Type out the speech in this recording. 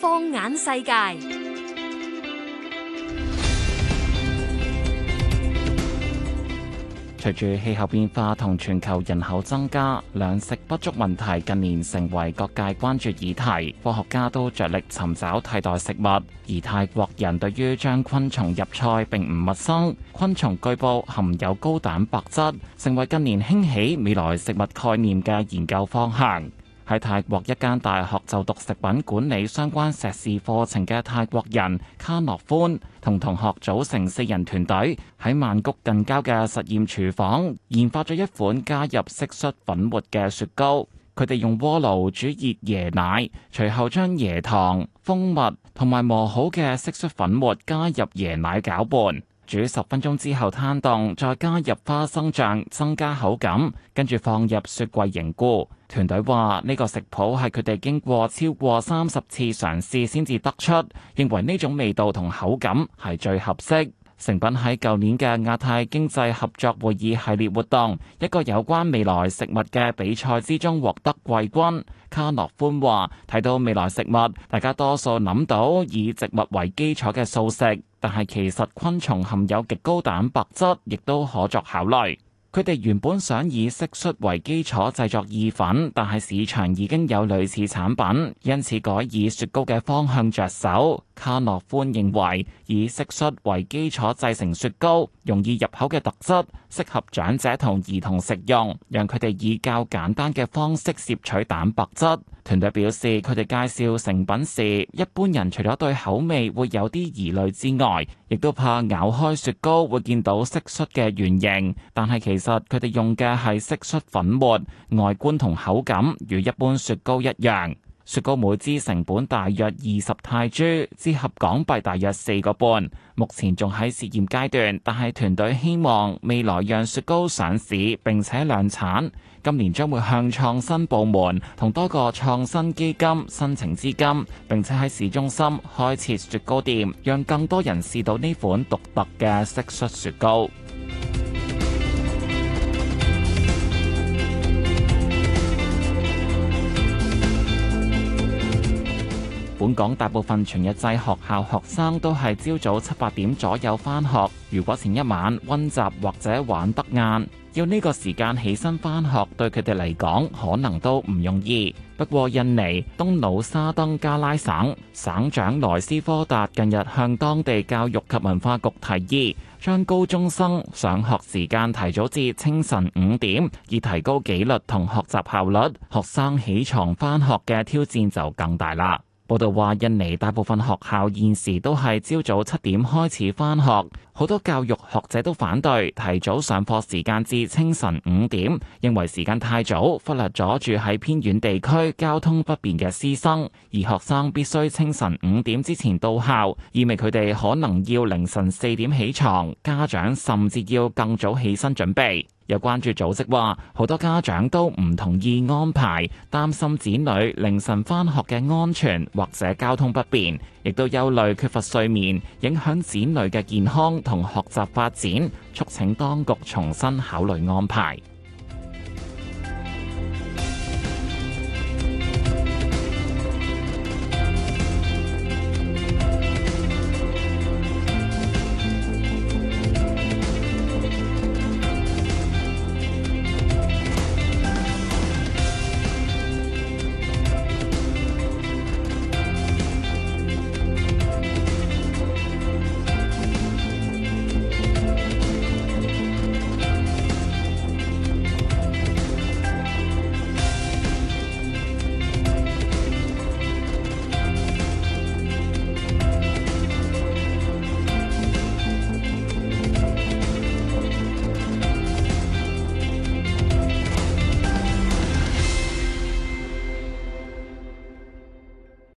放眼世界。隨住氣候變化同全球人口增加，糧食不足問題近年成為各界關注議題。科學家都着力尋找替代食物，而泰國人對於將昆蟲入菜並唔陌生。昆蟲據報含有高蛋白質，成為近年興起未來食物概念嘅研究方向。喺泰國一間大學就讀食品管理相關碩士課程嘅泰國人卡諾歡同同學組成四人團隊，喺曼谷近郊嘅實驗廚房研發咗一款加入蟋蟀粉末嘅雪糕。佢哋用鍋爐煮熱椰奶，隨後將椰糖、蜂蜜同埋磨好嘅蟋蟀粉末加入椰奶攪拌。煮十分鐘之後，攤凍，再加入花生醬增加口感，跟住放入雪櫃凝固。團隊話呢個食譜係佢哋經過超過三十次嘗試先至得出，認為呢種味道同口感係最合適。成品喺舊年嘅亞太經濟合作會議系列活動一個有關未來食物嘅比賽之中獲得季軍。卡諾歡話：睇到未來食物，大家多數諗到以植物為基礎嘅素食，但係其實昆蟲含有極高蛋白質，亦都可作考慮。佢哋原本想以蟋蟀為基礎製作意粉，但係市場已經有類似產品，因此改以雪糕嘅方向着手。卡諾歡認為以蟋蟀為基礎製成雪糕，容易入口嘅特質，適合長者同兒童食用，讓佢哋以較簡單嘅方式攝取蛋白質。團隊表示，佢哋介紹成品時，一般人除咗對口味會有啲疑慮之外，亦都怕咬開雪糕會見到蟋蟀嘅原形，但係其實實佢哋用嘅係蟋蟀粉末，外觀同口感與一般雪糕一樣。雪糕每支成本大約二十泰銖，折合港幣大約四個半。目前仲喺試驗階段，但係團隊希望未來讓雪糕上市，並且量產。今年將會向創新部門同多個創新基金申請資金，並且喺市中心開設雪糕店，讓更多人試到呢款獨特嘅蟋蟀雪糕。本港大部分全日制學校學生都係朝早七八點左右翻學。如果前一晚溫習或者玩得晏，要呢個時間起身翻學，對佢哋嚟講可能都唔容易。不過，印尼東努沙登加拉省省長萊斯科達近日向當地教育及文化局提議，將高中生上學時間提早至清晨五點，以提高紀律同學習效率。學生起床翻學嘅挑戰就更大啦。報道話，印尼大部分學校現時都係朝早七點開始翻學，好多教育學者都反對提早上課時間至清晨五點，認為時間太早，忽略咗住喺偏遠地區交通不便嘅師生，而學生必須清晨五點之前到校，意味佢哋可能要凌晨四點起床，家長甚至要更早起身準備。有關注組織話，好多家長都唔同意安排，擔心子女凌晨返學嘅安全，或者交通不便，亦都憂慮缺乏睡眠，影響子女嘅健康同學習發展，促請當局重新考慮安排。